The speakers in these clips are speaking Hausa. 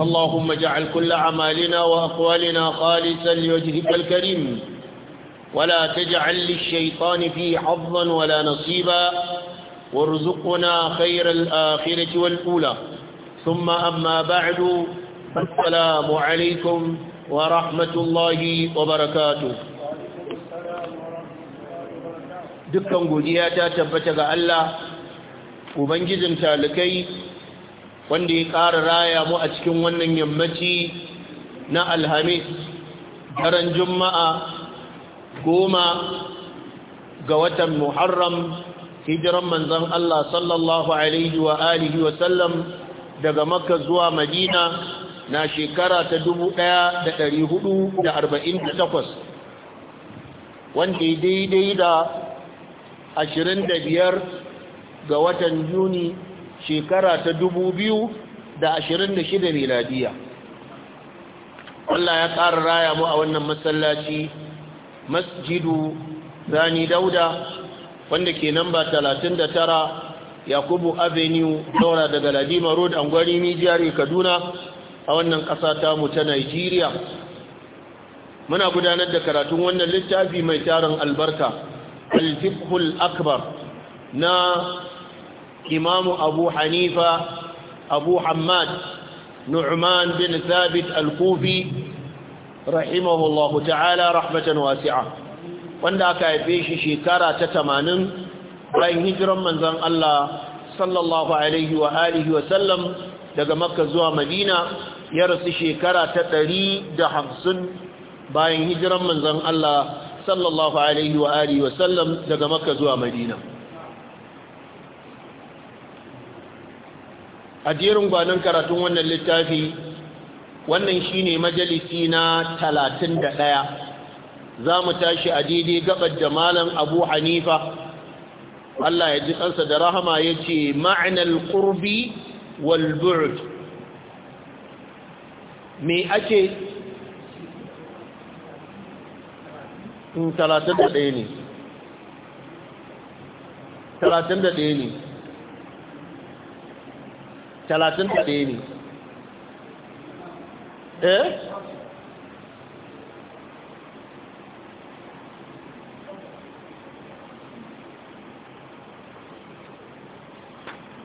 اللهم اجعل كل أعمالنا وأقوالنا خالصا لوجهك الكريم ولا تجعل للشيطان فيه حظا ولا نصيبا وارزقنا خير الآخرة والأولى ثم أما بعد السلام عليكم ورحمة الله وبركاته dukkan godiya ta tabbata ga Allah ubangijin talikai wanda ya ƙara raya mu a cikin wannan yammaci na alhamis daren juma'a goma ga watan muharram hijiran manzan Allah sallallahu alaihi wa alihi daga makka zuwa madina na shekara ta takwas, wanda ya daidai da biyar ga watan yuni shekara ta dubu biyu da ashirin da shida miladiya Allah ya ƙara raya mu a wannan masallaci masjidu zani dauda wanda ke namba talatin da tara yakubu avenue daura daga ladima road angwari kaduna a wannan ƙasa tamu ta nigeria muna gudanar da karatun wannan littafi mai tarin albarka alfikhul akbar na imamu abu hanifa abu hamad nu'man bin thabit al-kufi rahimahullahu ta'ala rahmatan wasi'a wanda aka haife shi shekara ta tamanin bayan hijiran manzon Allah sallallahu alaihi wa wa daga makka zuwa madina ya rasu shekara ta ɗari da hamsin bayan hijiran manzon Allah sallallahu alaihi wa alihi wa sallam daga makka zuwa madina a jerin gwanon karatun wannan littafi wannan shine majalisi na talatin da ɗaya. za mu tashi a daidai gabar da malam abu hanifa Allah ya ji kansa da rahama ya ce ma'anar ƙurbi walburd me ake hmm, talatin da ɗaya ne talatin da ɗaya ne eh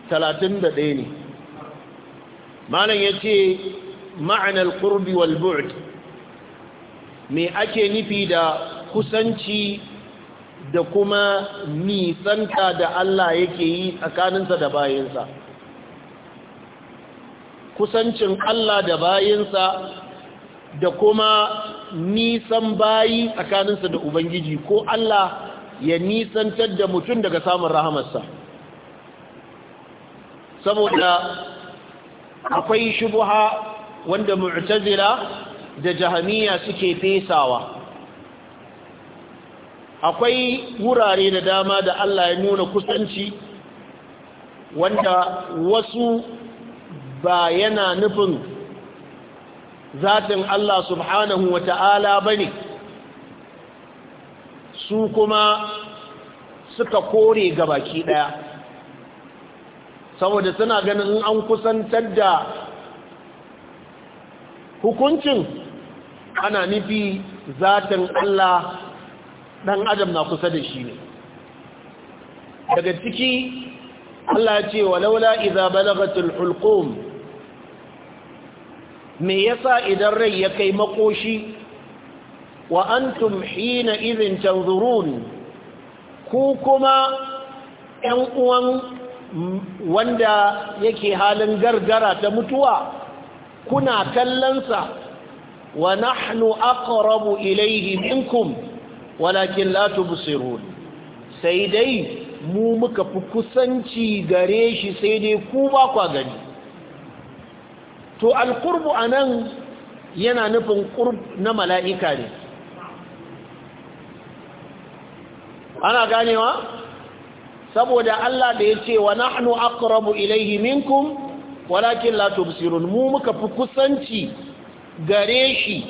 talatin da ɗaya ne malam ya ce ma'anar ƙurbi walburt me ake nufi da kusanci da kuma nisanta da Allah yake yi tsakaninsa da bayansa kusancin Allah da bayinsa da kuma nisan bayi tsakaninsa da Ubangiji ko Allah ya nisantar da mutum daga samun rahamarsa saboda akwai shubuha wanda mu'tazila da jahamiya suke fesawa akwai wurare da dama da Allah ya nuna kusanci wanda wasu ba yana nufin zatin Allah subhanahu wa ta'ala ba ne su kuma suka kore gabaki ɗaya saboda suna ganin an kusantar da hukuncin ana nufi zatin Allah ɗan adam na kusa da shi ne daga ciki Allah ce walaula idza balagatul hulqum me yasa idan rai ya kai makoshi wa antum hina idhin tanzurun ku kuma ɗan uwan wanda yake halin gargara ta mutuwa kuna kallonsa wa nahnu aqrabu ilayhi minkum walakin la tubsirun sai dai mu muka fi kusanci gare shi sai dai ku ba kwa gani to alƙurbu a nan yana nufin ƙurb na mala'ika ne ana ganewa saboda Allah da ya ce wa nahnu aqrabu ilayhi minkum walakin la tubsirun mu muka fi kusanci gare shi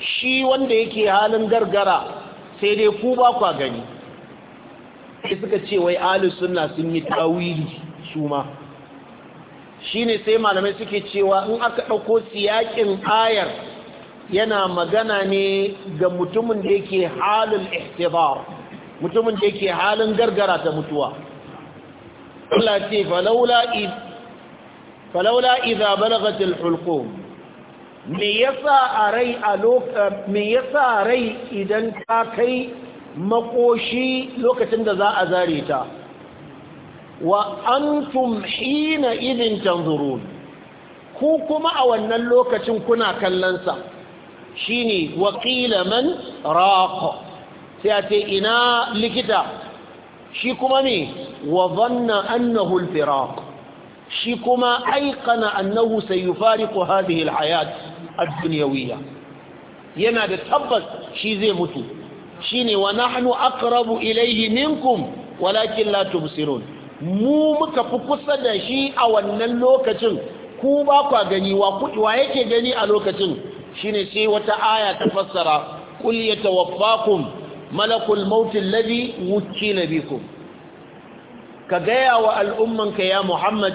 shi wanda yake halin gargara sai dai ku ba kwa gani sai suka ce wai ahlus sunna sun yi tawili su ma shine sai malamai suke cewa in aka ɗauko siyakin ayar yana magana ne ga mutumin da yake halin ihtibar mutumin da yake halin gargara ta mutuwa Allah ce falaula idza balagat alhulqum me yasa a rai a rai idan ta kai makoshi lokacin da za a zare ta wa antum hina idin tanzurun ku kuma a wannan lokacin kuna kallonsa shine waqila man raqa sai a ce ina likita shi kuma ne wa dhanna annahu al shi kuma aikana annahu sayufariqu hadhihi al ad-dunyawiyya yana da tabbas shi zai mutu shine wa nahnu aqrabu ilayhi minkum walakin la tubsirun mu muka fi kusa da shi a wannan lokacin ku ba kwa gani wa yake gani a lokacin shine sai wata aya ta fassara qul yatawaffakum malakul maut alladhi wukila bikum ka gaya wa al'ummanka ya muhammad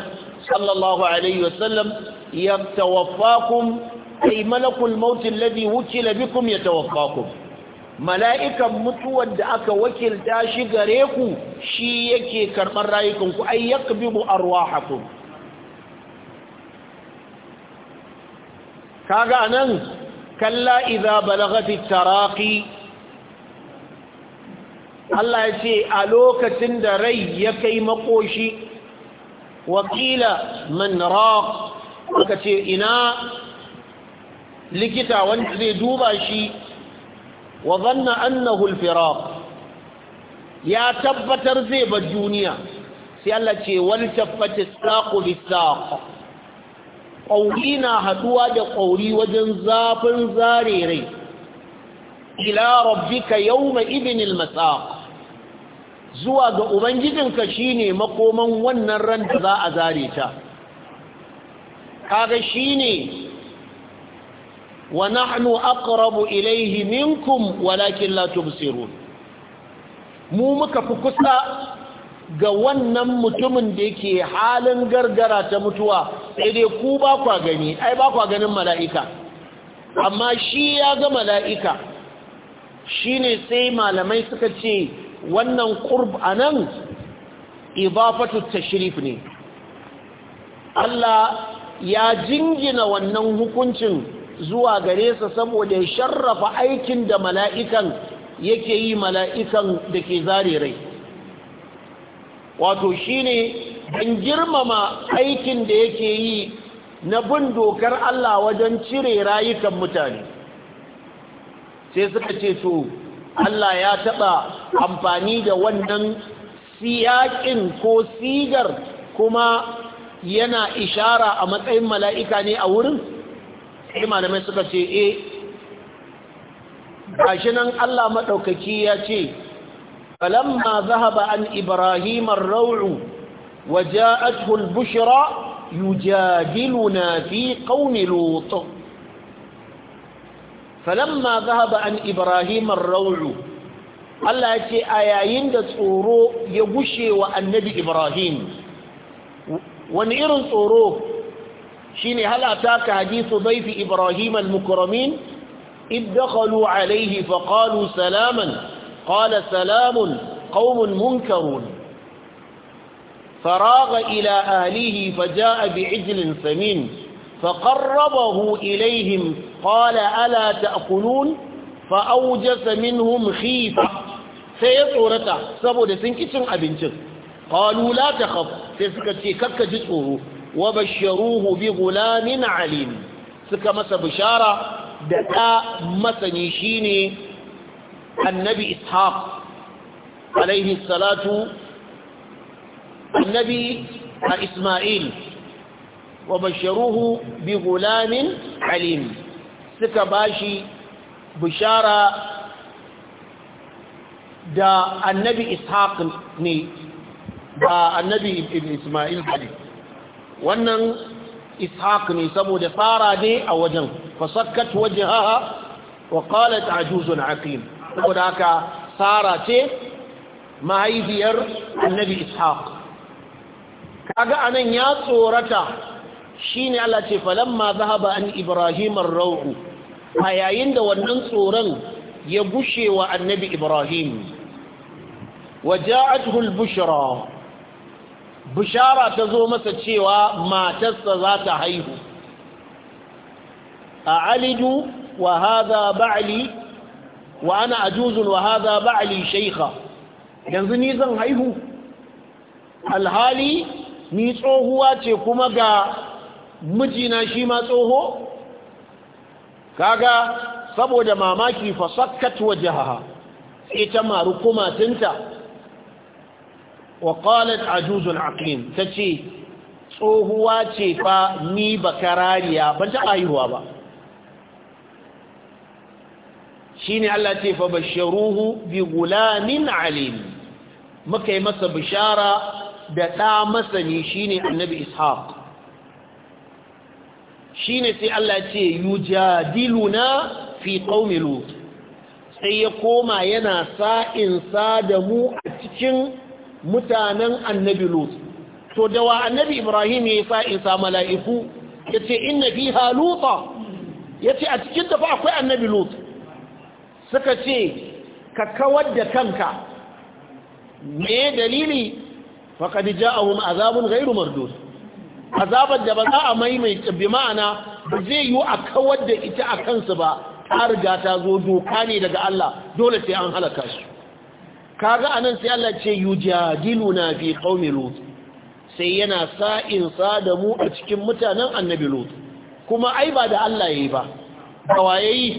sallallahu alaihi wasallam yatawaffakum ay malakul maut alladhi wukila bikum yatawaffakum mala'ikan mutuwar da aka wakilta shi gare ku shi yake karɓar rayukanku ai ya ƙabibu arwahakum kaga nan kalla iza balagati taraqi Allah ya ce a lokacin da rai ya kai makoshi wakila man raq aka ce ina likita wanda zai duba shi wa zanna annahu al ya tabbatar zai bar duniya sai Allah ce wal tabbati saqu bisaq qauli na haduwa da qauri wajen zafin zare rai ila rabbika yawma idin al zuwa ga ubangijinka shine makoman wannan ran da za a zare ta kaga shine wa nahnu aqrabu ilayhi minkum walakin la tubsirun mu muka fi kusa ga wannan mutumin da yake halin gargara ta mutuwa sai dai ku ba kwa gani ai ba kwa ganin mala'ika amma shi ya ga mala'ika shine sai malamai suka ce wannan qurb anan idafatu tashrif ne Allah ya jingina wannan hukuncin zuwa gare sa saboda ya sharrafa aikin da mala'ikan yake yi mala'ikan da ke zare rai wato shine dan girmama aikin da yake yi na bin dokar Allah wajen cire rayukan mutane sai suka ce to Allah ya taɓa amfani da wannan siyaƙin ko sigar kuma yana ishara a matsayin mala'ika ne a wurin sai malamai suka ce eh gashi nan Allah madaukaki ya ce falamma zahaba an ibrahim ar-raw'u waja'athu al-bushra yujadiluna fi qaumi lut falamma zahaba an ibrahim ar-raw'u Allah ya ce a yayin da tsoro ya gushe wa annabi ibrahim wani irin tsoro شيني هل أتاك حديث ضيف إبراهيم المكرمين إذ دخلوا عليه فقالوا سلاما قال سلام قوم منكرون فراغ إلى أهله فجاء بعجل ثمين فقربه إليهم قال ألا تأكلون فأوجس منهم خيفة سيطورتا سبو دسنكتن أبنتن قالوا لا تخف سيسكتي كككجتوه وبشروه بغلام عليم سكما سبشارة دعا مسنشين النبي إسحاق عليه الصلاة النبي إسماعيل وبشروه بغلام عليم باشي بشارة دا النبي إسحاق ني دا النبي إسماعيل عليه wannan ishaq ne saboda fara ne a wajen fasakkat wajhaha wa qalat ajuzun aqim saboda haka sara ce mahaifiyar annabi ishaq kaga anan ya tsorata shine Allah ce falamma zahaba an ibrahim ar-ru'u a yayin da wannan tsoron ya gushe wa annabi ibrahim وجاءته البشرى bishara ta zo masa cewa matarsa za ta haihu a alidu wa haza ba'ali wa ana ajuzun wa haza ba'ali shaikha yanzu ni zan haihu alhali ni tsohuwa ce kuma ga mijina shi ma tsoho kaga saboda mamaki fasakkat wajaha ita maru tinta. wa qalat ajuzun aqim tace tsohuwa ce fa ni bakarariya ban ta ayuwa ba shine Allah ce fa basharuhu bi gulamin alim muka yi masa bishara da ɗa masani shine annabi ishaq shine sai Allah ce yujadiluna fi qaumi sai ya koma yana sa'in sa da mu a cikin mutanen annabi lut to da wa annabi ibrahim ya sa isa mala'iku yace fi fiha ya ce a cikin ta akwai annabi lut suka ce ka kawar da kanka me dalili a ja'ahum azabun ghairu mardud azabar da ba za a maimaita bi ma'ana ba zai yi a kawar da ita a kansu ba ta riga ta zo doka ne daga Allah dole sai an halaka su kaga anan sai Allah ce yujadiluna fi qaumi lut sai yana sa'in sa da mu a cikin mutanen annabi lut kuma ai ba da Allah yayi ba kawayayi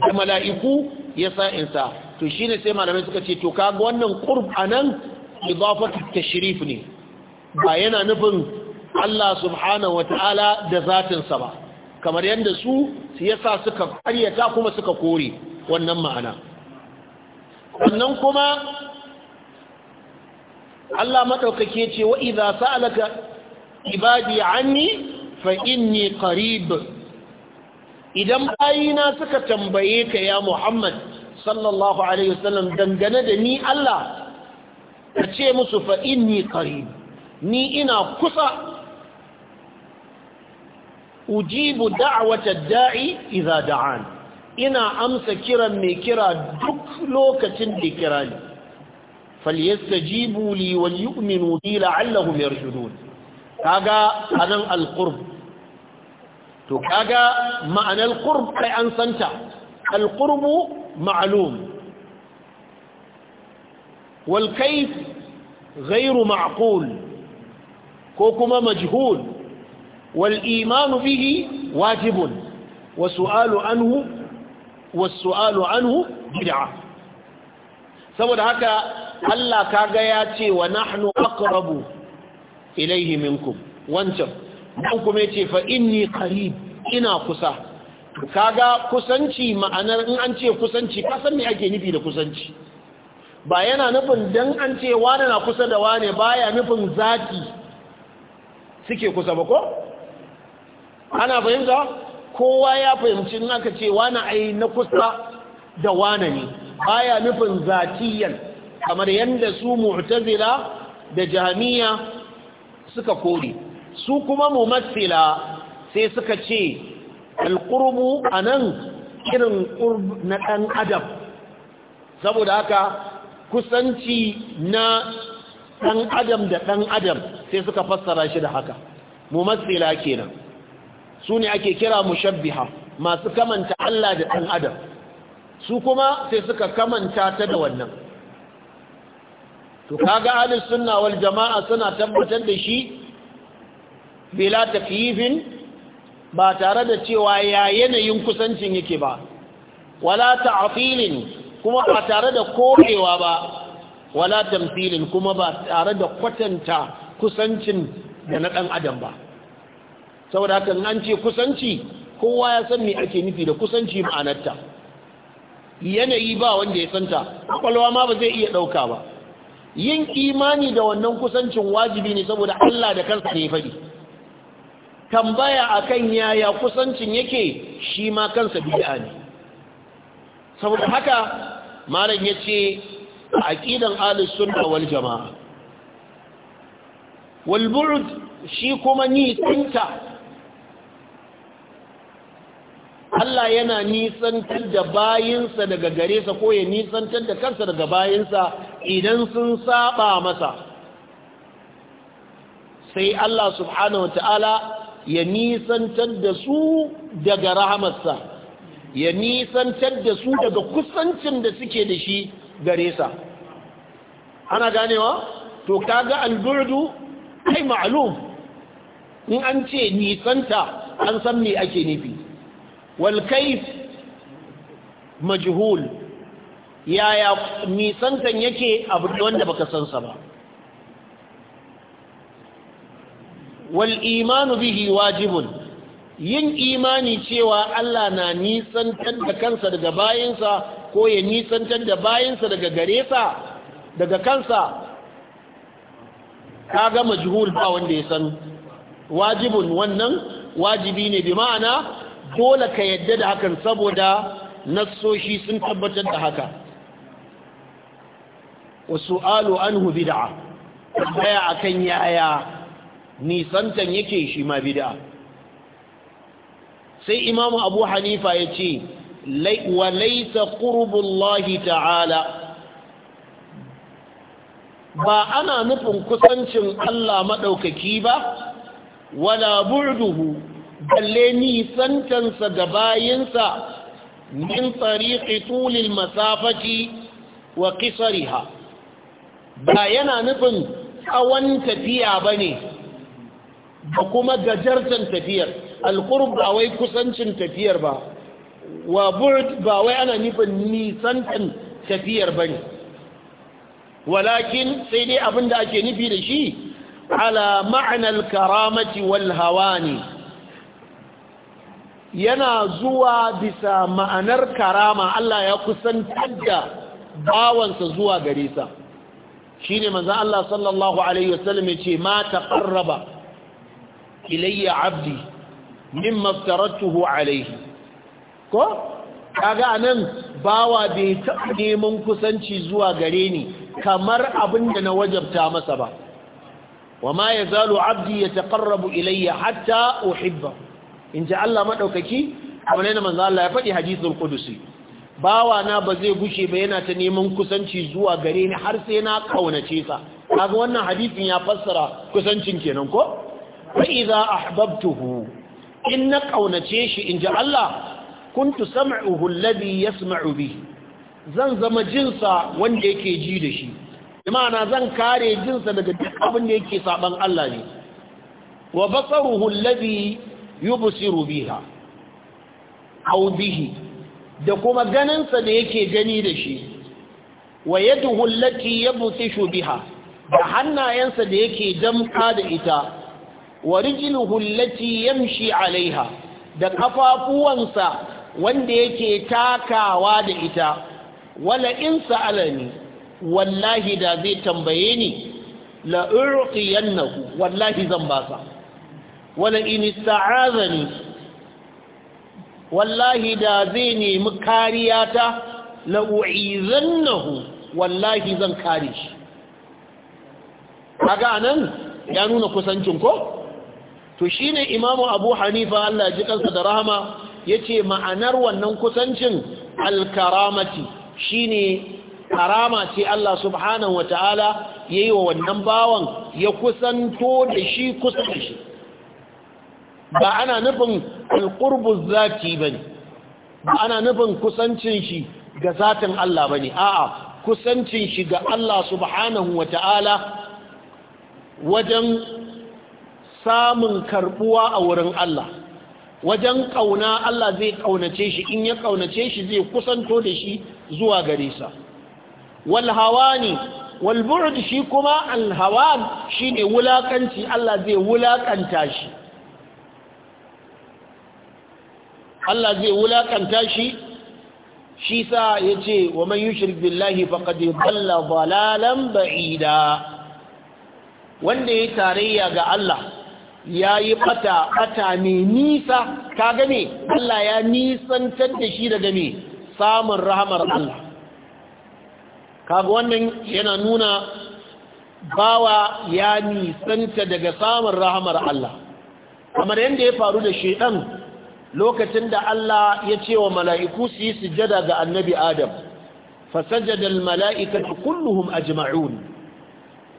da mala'iku ya sa'in sa to shine sai malamai suka ce to kaga wannan qurb anan idafatu tashrif ne ba yana nufin Allah subhanahu wataala da zatinsa ba kamar yadda su yasa suka karyata kuma suka kore wannan ma'ana sannan kuma Allah maɗaukake ce wa iza sa'alaka ibadi anni fa inni qarib idan bayina suka tambaye ka ya Muhammad sallallahu alaihi wasallam dangane da ni Allah ka ce musu fa inni qarib ni ina kusa ujibu wata da'i iza da'ani ina amsa kiran mai kira duk lokacin da kira ni falyastajibu li wal yu'minu bi la'allahum yarshudun kaga anan alqurb to kaga ma'anar qurb kai an santa alqurbu ma'lum wal kayf ghayru ma'qul ko kuma majhul wal iman bihi wajibun wa su'alu anhu wasu'alu anhu bid'a saboda haka Allah ka ga ya ce wa nahnu aqrabu ilayhi minkum wancan dan kuma yace fa inni qarib ina kusa kaga kusanci ma'anar in an ce kusanci ka san me ake nufi da kusanci ba yana nufin dan an ce wani na kusa da wani baya nufin zaki suke kusa ba ko ana fahimta kowa ya fahimci in aka ce wani ai na kusa da wani ne baya nufin zatiyan kamar yadda su mu'tazila da jami'a suka kore su kuma mumassila sai suka ce a nan irin qurb na dan adam saboda haka kusanci na ɗan adam da ɗan adam sai suka fassara shi da haka mumassila kenan su ne ake kira mushabbiha masu kamanta Allah da ɗan adam su kuma sai suka kamanta ta da wannan to kaga ahlus sunna wal jama'a suna tabbatar da shi bila takyifin ba tare da cewa ya yanayin kusancin yake ba wala ta'tilin kuma ba tare da korewa ba wala tamthilin kuma ba tare da kwatanta kusancin da na ɗan adam ba saboda haka an ce kusanci kowa ya san me ake nufi da kusanci ma'anarta yanayi ba wanda ya santa kwakwalwa ma ba zai iya ɗauka ba yin imani da wannan kusancin wajibi ne saboda Allah da kansa ne faɗi tambaya akan yaya kusancin yake shi ma kansa bid'a ne saboda haka malam yace a aqidan ahlus sunna wal jamaa wal shi kuma ni tinta. Allah yana nisantar da bayinsa daga gare sa ko ya nisantar da kansa daga bayinsa idan sun saba masa sai Allah subhanahu ta'ala ya nisantar da su daga rahamarsa ya nisantar da su daga kusancin da suke da shi gare sa ana ganewa to kaga al-burdu kai ma'lum in an ce nisanta an san me ake nufi مجهول majhul yaya nisantan yake abu wanda baka san sa ba wal bihi wajibin, yin imani cewa Allah na nisantar da kansa daga bayinsa ko ya nisantar da bayinsa daga garesa daga kansa kaga majhul ba wanda ya san wajibun wannan wajibi ne bi ma'ana dole ka yadda da hakan saboda nasoshi sun tabbatar da haka wa su'alu anhu bid'a baya akan yaya nisantan yake shi ma bid'a sai imamu abu hanifa ya ce wa laisa qurbullahi ta'ala ba ana nufin kusancin Allah maɗaukaki ba, wala burduhu balle nisantansa da bayansa min tsariƙi tulil masafaci wa ƙisariha ba yana nufin tsawon tafiya ba ne ba kuma gajartan tafiyar alƙurb ba wai kusancin tafiyar ba wa burd ba wai ana nufin nisantan tafiyar ba ne walakin sai dai abin da ake nufi da shi ala ma'anar karamati wal hawa ne yana zuwa bisa ma'anar karama Allah ya kusantar da bawansa zuwa gare sa shine manzon Allah sallallahu alaihi wasallam yace ma taqarraba ilayya abdi mimma aftaratuhu alaihi ko kaga anan bawa bai taɓa neman kusanci zuwa gare ni kamar abin da na wajabta masa ba wa ma yazalu abdi yataqarrabu ilayya hatta uhibbahu in ji Allah maɗaukaki kamar yana manzo Allah ya faɗi hadisul qudusi bawa na ba zai gushe ba yana ta neman kusanci zuwa gare ni har sai na kaunace sa kaga wannan hadisin ya fassara kusancin kenan ko fa idza ahbabtuhu in na kaunace shi in ji Allah kuntu sam'uhu alladhi yasma'u bihi zan zama jinsa wanda yake ji da shi imana zan kare jinsa daga duk abin da yake saban Allah ne wa basaruhu alladhi yubsiru biha aw bihi da kuma ganinsa da yake gani da shi wa yaduhu allati yabtishu biha da hannayensa da yake damka da ita wa rijluhu allati yamshi alaiha da kafafuwansa wanda yake takawa da ita wala in sa'alani wallahi da zai tambaye ni la wallahi zan basa wala in ista'azani wallahi da zai nemi kariya ta la u'izannahu wallahi zan kare shi kaga nan ya nuna kusancin ko to shine imamu abu hanifa Allah ji da rahama yace ma'anar wannan kusancin al shine karama ce Allah subhanahu wataala yayi wa wannan bawan ya kusanto da shi kusa da shi ba ana nufin alƙurbu zaki ba ne ba ana nufin kusancin shi ga zatin Allah ba ne a'a kusancin shi ga Allah subhanahu wa ta'ala wajen samun karbuwa a wurin Allah wajen ƙauna Allah zai ƙaunace shi in ya ƙaunace shi zai kusanto da shi zuwa gare sa ne. walburd shi kuma shi shine wulaƙanci Allah zai wulaƙanta shi Allah zai wulakanta shi shi sa ya ce wa man yushrik billahi faqad dalla dalalan ba'ida wanda ya tarayya ga Allah ya yi ɓata bata mai nisa ka game Allah ya nisantar da shi da game samun rahamar Allah kaga wannan yana nuna bawa ya nisanta daga samun rahamar Allah kamar yadda ya faru da shaidan lokacin da Allah ya ce wa mala'iku su yi sujada ga annabi Adam, fasajadar mala'ika da kulluhum a jima'un,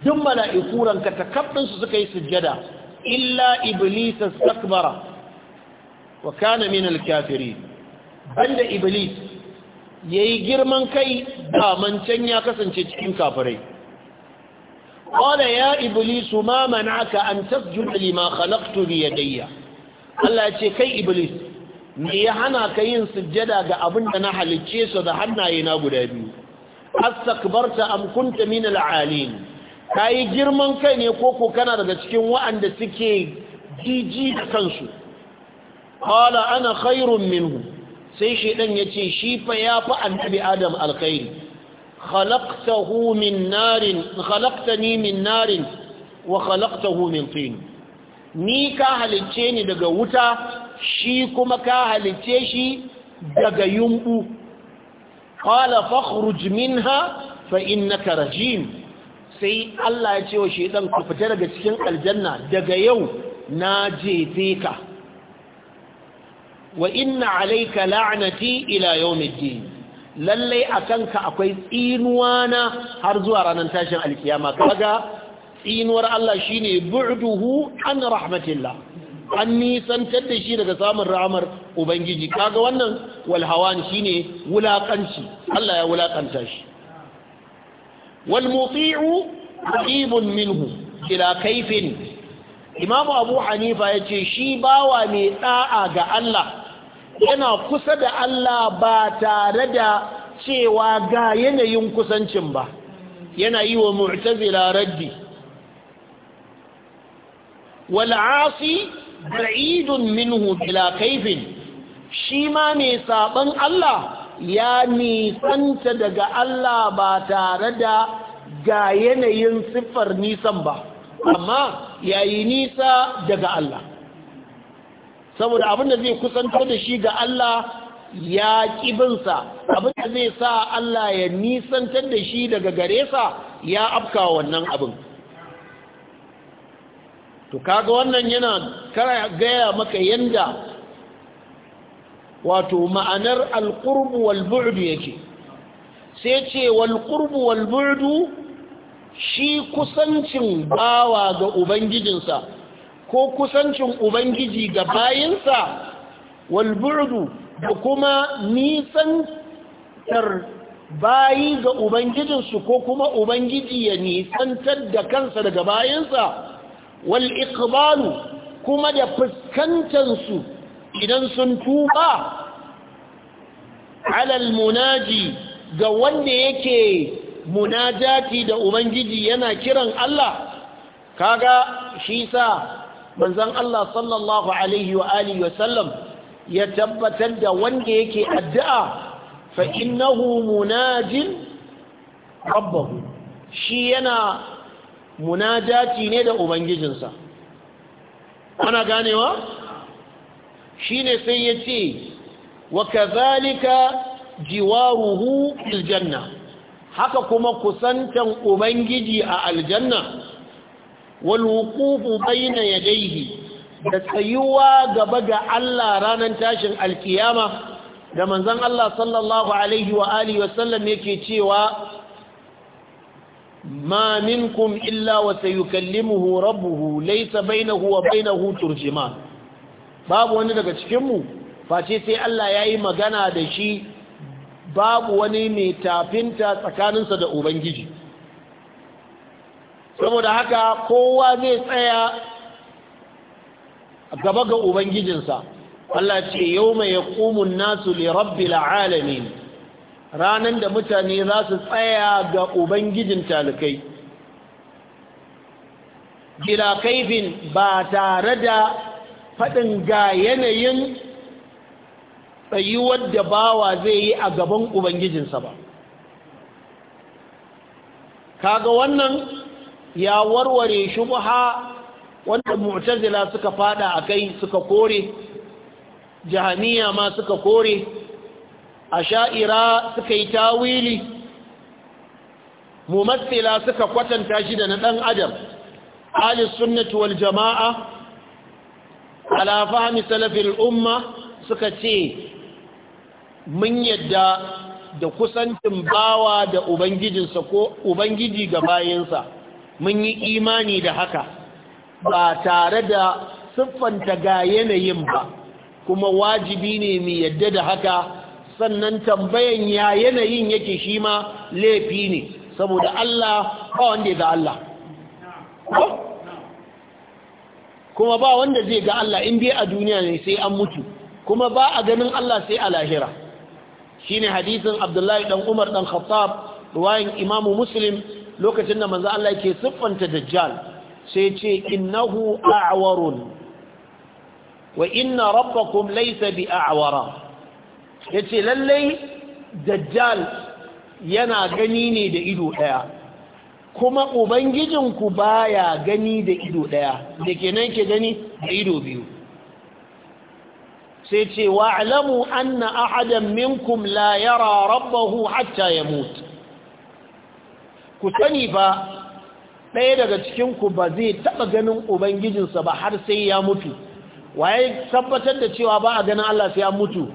duk mala'iku ranka takabbinsu suka yi sujada, illa Iblisa sakbara wa kana min alkafiri, banda Iblis ya yi girman kai mancan ya kasance cikin kafirai. su يا إبليس ما منعك أن تسجد لما خلقت بيديه Allah ya ce kai iblis me ya hana ka yin sujjada ga abin da na halicce su da hannaye na guda biyu astakbarta am kunta min al'alin kai girman kai ne ko ko kana daga cikin wa'anda suke jiji da kansu qala ana khairun minhu sai shedan yace shi fa yafi annabi adam alkhairi khalaqtahu min narin khalaqtani min narin wa khalaqtahu min tin ni ka halicce ni daga wuta shi kuma ka halicce shi daga yumbu qala fakhruj minha fa innaka rajim sai Allah ya ce wa shedan ku fita daga cikin aljanna daga yau na jefe ka wa inna alayka la'nati ila yawmiddin lallai akanka akwai tsinuwa na har zuwa ranar tashin alkiyama kaga tsinuwar Allah shine bu'duhu an rahmatillah an nisantar da shi daga samun rahmar ubangiji kaga wannan walhawan shi shine wulaƙanci. Allah ya wulaƙanta shi wal muti'u qaribun minhu ila kaifin imamu abu hanifa yace shi bawa mai da'a ga Allah yana kusa da Allah ba tare da cewa ga yanayin kusancin ba yana yi wa mu'tazila raddi wal'asi ba'idun minhu bila kaifin shi ma mai saban Allah ya nisanta daga Allah ba tare da ga yanayin siffar nisan ba amma yayi nisa daga Allah saboda abinda zai kusanto da shi ga Allah ya ƙibinsa abinda zai sa Allah ya nisantar da shi daga gare sa ya afka wannan abin to kaga wannan yana kara gaya maka yanda wato ma'anar alƙurbu walbu'udu yake sai ce walƙurbu walbu'udu shi kusancin bawa ga ubangijinsa ko kusancin ubangiji ga bayinsa walbu'udu da kuma nisan bayi ga ubangijinsu ko kuma ubangiji ya nisantar da kansa daga bayinsa wal iqbalu kuma da fuskantar su idan sun tuba alal munaji ga wanda yake munajati da ubangiji yana kiran Allah kaga shi sa manzon Allah sallallahu alaihi wa wa sallam ya tabbatar da wanda yake addu'a fa innahu munajin rabbahu shi yana munajati ne da ubangijinsa ana ganewa shine sai ya ce wa kazalika jiwaruhu aljanna haka kuma kusantan ubangiji a aljanna walhukufu baina bayna yadayhi da tsayuwa gaba ga Allah ranar tashin alkiyama da manzon Allah sallallahu alaihi wa alihi yake cewa ما منكم إلا وسيكلمه ربه ليس بينه bainahu ترجمان باب وني babu wani daga cikin mu face sai Allah yayi magana da shi babu wani mai tafinta tsakaninsa da ubangiji saboda haka kowa zai tsaya gaba ga ubangijinsa Allah ce yauma yaƙumun nasu li rabbil alamin ranan da mutane za su tsaya ga ubangijin talikai bila kaifin ba tare da faɗin ga yanayin tsayuwar da bawa zai yi a gaban ubangijinsa ba kaga wannan ya warware shubha wanda mu'tazila suka fada kai suka kore jahaniya ma suka kore A sha'ira suka yi tawili mu mumatsila suka kwatanta shi da na ɗan adam alis sunnatu wal jama'a ala fahmi salafil umma suka ce mun yadda da kusancin bawa da ubangijinsa ko ubangiji ga bayansa mun yi imani da haka ba tare da siffanta ga yanayin ba kuma wajibi ne mu yadda da haka sannan tambayan ya yanayin yake shi ma laifi ne saboda Allah ba wanda ga Allah kuma ba wanda zai ga Allah in dai a duniya ne sai an mutu kuma ba a ganin Allah sai a lahira shine hadisin Abdullahi dan Umar dan Khattab ruwayin imamu Muslim lokacin da manzo Allah ke siffanta dajjal sai ce innahu a'warun wa inna rabbakum laysa bi'awara ya ce lallai dajjal yana gani ne da ido ɗaya kuma ubangijinku baya gani da ido ɗaya da ke nan ke gani da ido biyu sai ce wa wa'alamu anna ahadan minkum la yara rabbahu hatta ya mutu ku sani ba ɗaya daga cikinku ba zai taɓa ganin ubangijinsa ba har sai ya mutu waye tabbatar da cewa ba a ganin Allah sai ya mutu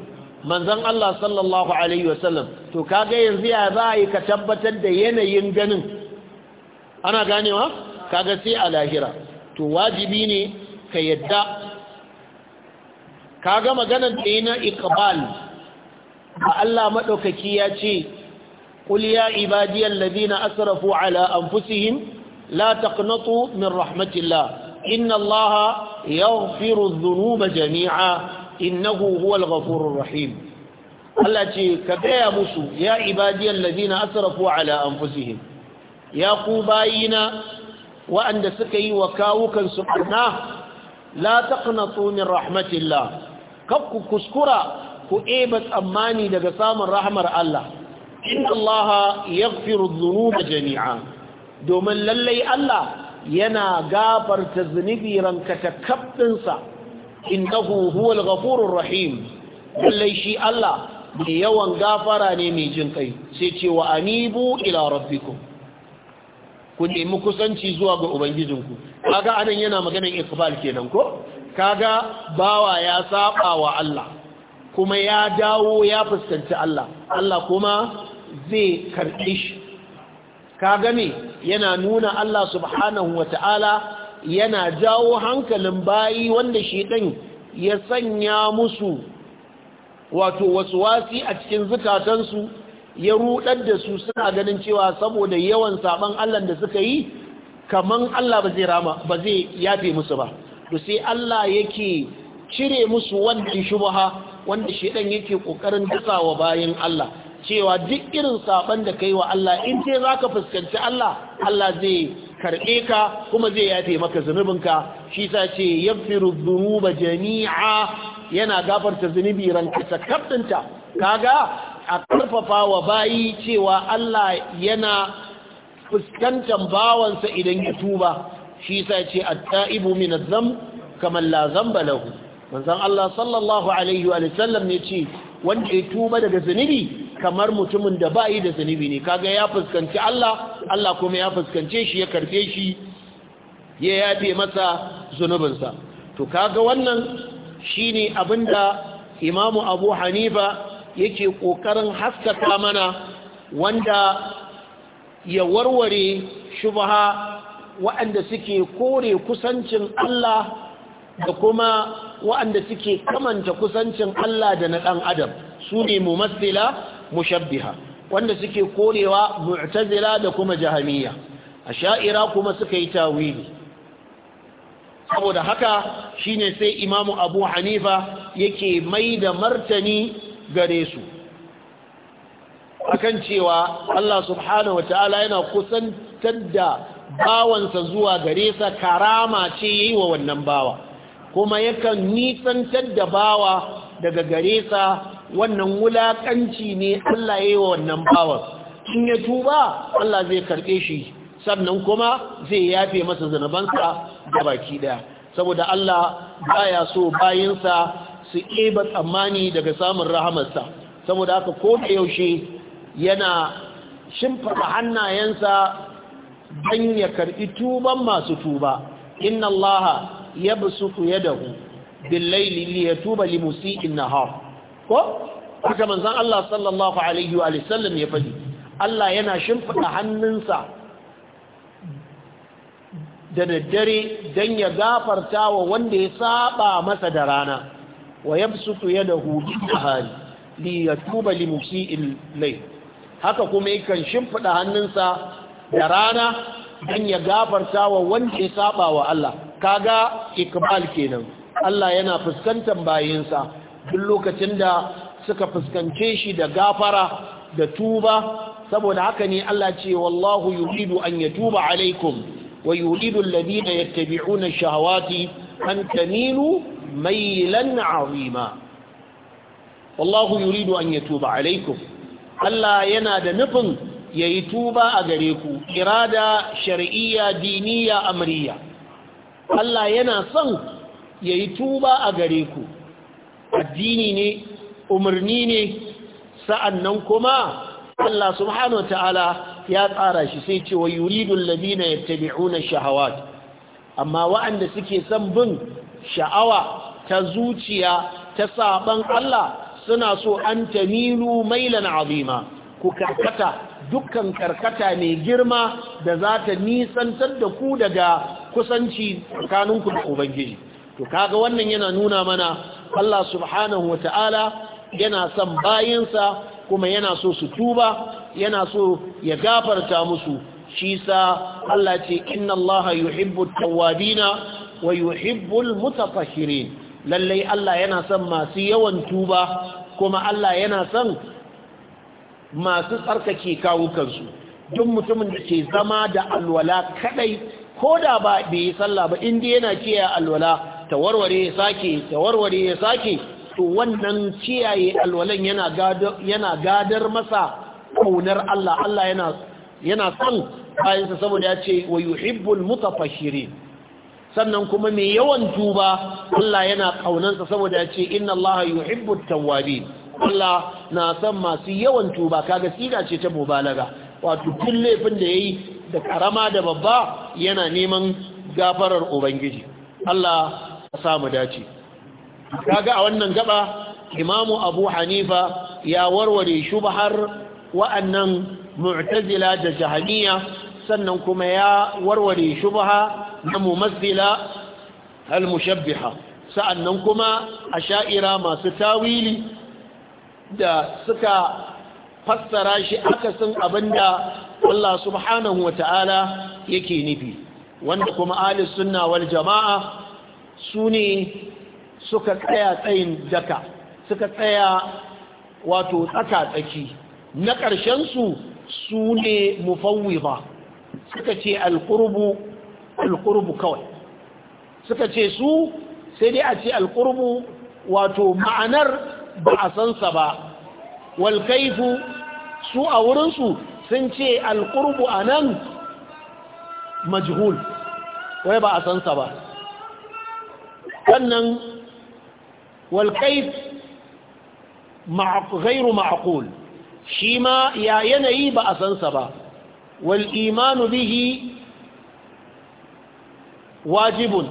manzon Allah sallallahu alaihi wasallam to kaga yanzu ya za a yi ka tabbatar da yanayin ganin ana ganewa kaga sai a lahira to wajibi ne ka yadda kaga maganar da ikbal iqbal ba Allah maɗaukaki ya ce qul ya ibadiyal ladina asrafu ala fusihin la taqnatu min rahmatillah inna allaha firu dhunuba jami'a innahu huwal ghafurur rahim Allah ce ka gaya musu ya ibadiyal ladina asrafu ala anfusihim ya ku bayina wa'anda suka yi wa kawukan su barna la taqnatu min rahmatillah kakku kuskura ku eba tsammani daga samun rahmar Allah inna Allah yaghfiru dhunuba jami'a domin lallai Allah yana gafarta zunubi ranka ta innahu huwal ghafurur rahim lallai shi Allah mai yawan gafara ne mai jin kai sai ce wa anibu ila rabbikum ku nemi kusanci zuwa ga ubangijinku kaga anan yana maganar iqbal kenan ko kaga bawa ya saba wa Allah kuma ya dawo ya fuskanci Allah Allah kuma zai karɓi shi kaga ne yana nuna Allah subhanahu wata'ala yana jawo hankalin bayi wanda shi ɗin ya sanya musu wato wasu wasi a cikin zukatansu ya rudar da su suna ganin cewa saboda yawan saban Allah da suka yi kaman Allah ba zai rama ba zai yafe musu ba to sai Allah yake cire musu wannan shubha wanda shi ɗan yake kokarin wa bayan Allah cewa duk irin saban da yi wa Allah in sai zaka fuskanci Allah Allah zai karɓe ka kuma zai yafe maka zunubinka shi sa ce yaghfiru dhunuba jami'a yana gafarta zunubi ranka kaddanta kaga a karfafawa wa bayi cewa Allah yana fuskantar bawansa idan ya tuba shi sa ce at-ta'ibu min azam kaman la dhanba Allah sallallahu alaihi wa sallam ne ce wanda ya tuba daga zunubi kamar mutumin da ba yi da zunubi ne kaga ya fuskanci Allah Allah kuma ya fuskance shi ya karfe shi ya yafe masa zunubinsa to kaga wannan shine abinda Imam Abu Hanifa yake kokarin haskata mana wanda ya warware shubha waɗanda suke kore kusancin Allah da kuma waɗanda suke kamanta kusancin Allah da na ɗan adam su ne mumassila mushabbiha wanda suke korewa mu'tazila da kuma jahamiya asha'ira kuma suka yi tawili saboda haka shine sai imamu abu hanifa yake mai da martani gare su akan cewa Allah subhanahu wataala yana kusantar da bawansa zuwa gare sa karama ce yayi wa wannan bawa kuma yakan nisantar da bawa daga gare sa wannan wulakanci ne Allah ya yi wa wannan bawan in ya tuba Allah zai karɓe shi sannan kuma zai yafe masa zanubansa da baki ɗaya. saboda Allah baya so bayinsa su ƙeba tsammani daga samun rahamarsa saboda haka ko da yaushe yana shimfaɗa hannayensa don ya karɓi tuban masu tuba inna allaha ya busuku ya dahu billaili li ya tuba limusi musi'in hau. ko haka manzon Allah sallallahu alaihi wa sallam ya faɗi Allah yana shimfida hannunsa da daddare dan ya gafarta wa wanda ya saba masa da rana wa yabsutu yadahu bihari li yatuba li musii'il layl haka kuma yakan shimfida hannunsa da rana dan ya gafarta wa wanda ya saba wa Allah kaga ikbal kenan Allah yana fuskantar bayinsa duk lokacin da suka fuskance shi da gafara da tuba saboda haka ne Allah ce wallahu yuridu an yatuba alaikum wa yuridu alladhina yattabi'una ash-shahawati an tamilu maylan 'azima wallahu yuridu an yatuba alaikum Allah yana da nufin yayi tuba a gare ku irada shar'iyya diniya amriya Allah yana son yayi tuba a gare ku addini ne umarni ne sa'annan kuma Allah subhanahu wa ta'ala ya tsara shi sai ce wa yuridul ladina yattabi'una shahawat amma wa'anda suke son bin sha'awa ta zuciya ta saban Allah suna so an tamilu mailan azima ku karkata dukkan karkata mai girma da za ta nisantar da ku daga kusanci tsakaninku da ubangiji to kaga wannan yana nuna mana Allah subhanahu wa ta'ala yana son bayinsa kuma yana so su tuba yana so ya gafarta musu shi sa Allah ce inna Allah yuhibbu tawadina wa yuhibbu almutatahhirin lallai Allah yana son masu yawan tuba kuma Allah yana son masu tsarkake kawukansu duk mutumin da ke zama da alwala kadai ko da ba bai yi sallah ba inda yana kiyaye alwala ta warware ya sake ta warware ya sake to wannan kiyaye alwalan yana gadar masa kaunar Allah Allah yana yana son sa saboda ya ce wa yuhibbul mutafashirin sannan kuma mai yawan tuba Allah yana sa saboda ya ce inna Allah yuhibbut tawwabin Allah na son masu yawan tuba kaga sida ce ta mubalaga wato tun laifin da yayi da karama da babba yana neman gafarar ubangiji Allah samu dace kaga a wannan gaba imamu abu hanifa ya warware shubhar wa'annan mu'tazila da jahaniya sannan kuma ya warware shubha na mumazzila al-mushabbiha sa'annan kuma asha'ira masu tawili da suka fassara shi akasin abinda Allah subhanahu wata'ala yake nufi wanda kuma ahli sunna wal jama'a su ne suka tsaya tsayin daka suka tsaya wato tsaka tsaki na ƙarshensu su ne ba suka ce alƙurubu, alƙurubu kawai suka ce su sai dai a ce alƙurubu wato ma'anar ba a sansa ba walkaifu su a wurinsu sun ce alƙurbu a nan majhul wai ba a sansa ba wannan walƙaif Zairu ma'akul shi ma ya yanayi ba a sansa ba wal'imanu bihi wajibun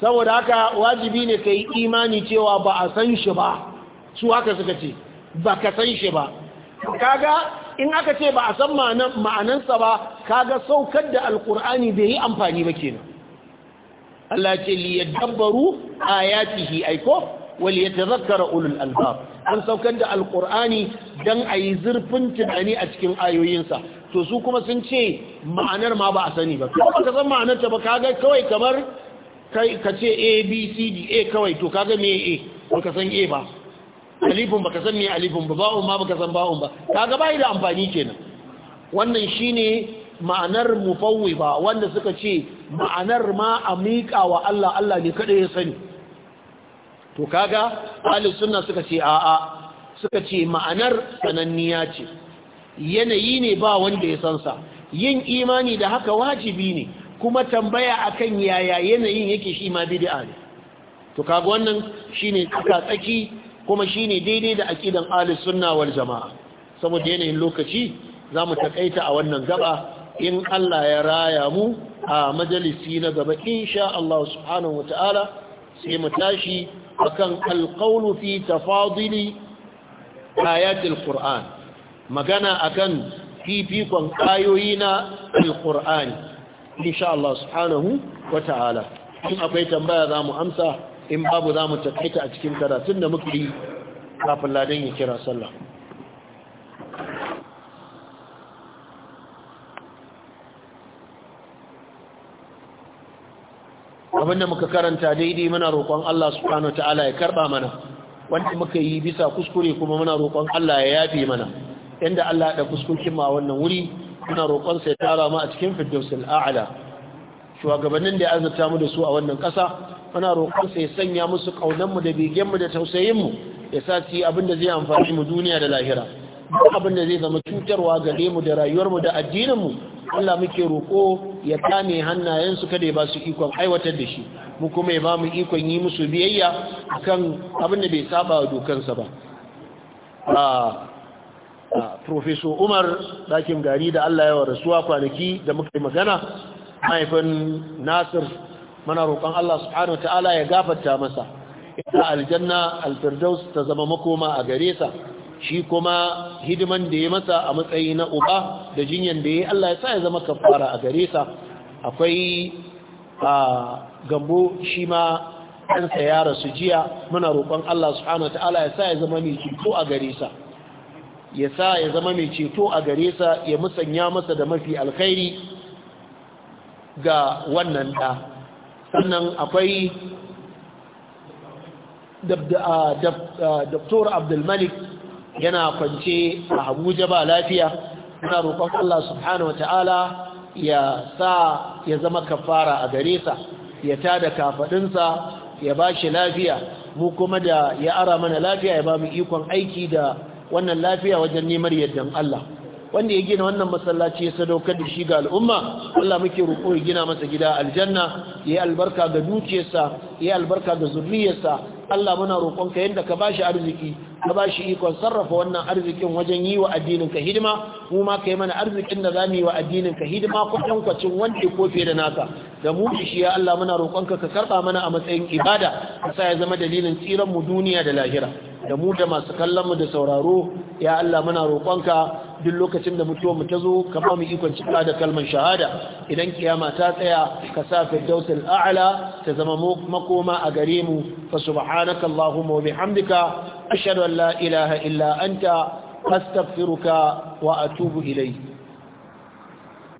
saboda haka wajibi ne ka yi imani cewa ba a san shi ba su haka suka ce ba ka san shi ba kaga in aka ce ba a san ma'anansa ba kaga saukar da alkur'ani bai yi amfani ba kenan Allah ce li yadabbaru ayatihi aiko wal yatadhakkara ulul albab an saukar da alqur'ani dan ayi zurfin tunani a cikin ayoyinsa to su kuma sun ce ma'anar ma ba a sani ba kuma ka san ma'anar ta ba kaga kawai kamar kai ka ce a b c d a kawai to kaga me a ba ka san a ba alifin baka san me Alifun ba ba'un ma baka san ba'un ba kaga bai da amfani kenan wannan shine ma'anar mufawwi ba wanda suka ce ma'anar ma a miƙa wa Allah Allah ne kaɗai ya sani to kaga ahli sunna suka ce a'a suka ce ma'anar sananniya ce yanayi ne ba wanda ya san sa yin imani da haka wajibi ne kuma tambaya akan yaya yanayin yake shi ma bid'a ne to kaga wannan shine tsaka tsaki kuma shine daidai da aqidan ahli sunna wal jamaa saboda yanayin lokaci za mu takaita a wannan gaba in Allah ya raya mu a majalisi na gaba insha Allah subhanahu ta'ala sai mu tashi akan alqawlu fi tafadili ayatil qur'an magana akan fifikon ayoyi na alqur'ani insha Allah subhanahu ta'ala. in akwai tambaya za mu amsa in babu za mu takaita a cikin karatun da muke yi kafin ladan ya kira sallah abinda muka karanta daidai muna roƙon Allah subhanahu ta'ala ya karba mana wanda muka yi bisa kuskure kuma muna roƙon Allah ya yafe mana inda Allah da kuskurkin ma wannan wuri muna roƙon sai tara mu a cikin firdausul a'la shugabannin da ya azurta mu da su a wannan ƙasa muna roƙon sai sanya musu kaunan mu da begen mu da tausayin mu ya sa su yi abin zai amfani mu duniya da lahira duk abin zai zama cutarwa gare mu da rayuwar mu da addinin mu Allah muke roƙo ya kame hannayensu kada ya ba su ikon aiwatar da shi mu kuma ya ba mu ikon yi musu biyayya kan abin da bai saba wa dokansa ba Professor Umar ɗakin Gari da Allah yawa rasuwa kwanaki da muka yi magana mahaifin Nasir mana roƙon Allah subhanahu wa ta'ala ya gafarta masa ita aljanna alfirdaus ta zama makoma a gare sa shi kuma hidiman da ya masa a matsayi na uba da jinyan da ya Allah ya sa ya zama kafara a gare sa akwai a gambo shi ma ɗansa ya rasu jiya muna roƙon Allah subhanahu ta'ala ya sa ya zama mai ceto a gare sa ya sa ya zama mai ceto a gare sa ya musanya masa da mafi alkhairi ga wannan ɗa sannan akwai Dr. Abdulmalik yana kwance a Abuja ba lafiya muna roƙon Allah subhanahu wataala ya sa ya zama kafara a gare sa ya tada kafadinsa ya bashi lafiya mu kuma da ya ara mana lafiya ya ba mu ikon aiki da wannan lafiya wajen neman yardan Allah wanda ya gina wannan masallaci ya sadaukar da shi ga al'umma Allah muke roƙo ya gina masa gida aljanna ya albarka ga dukiyarsa ya albarka ga zur'iyarsa Allah muna roƙonka yadda ka bashi arziki ka bashi ikon sarrafa wannan arzikin wajen yi wa addininka hidima mu ma kai mana arzikin da zamu yi wa addininka hidima kwatan kwacin wanda ko fiye da naka da mu shi ya Allah muna roƙonka ka karba mana a matsayin ibada ka sa ya zama dalilin tsiran mu duniya da lahira da mu da masu kallon mu da sauraro ya Allah muna roƙonka duk lokacin da mutuwa mu ta zo ka ba mu ikon cika da kalmar shahada idan kiyama ta tsaya ka sa firdausul a'la ta zama makoma a gare mu fa subhanaka allahumma wa bihamdika ashhadu an la ilaha illa anta astaghfiruka wa atubu ilai.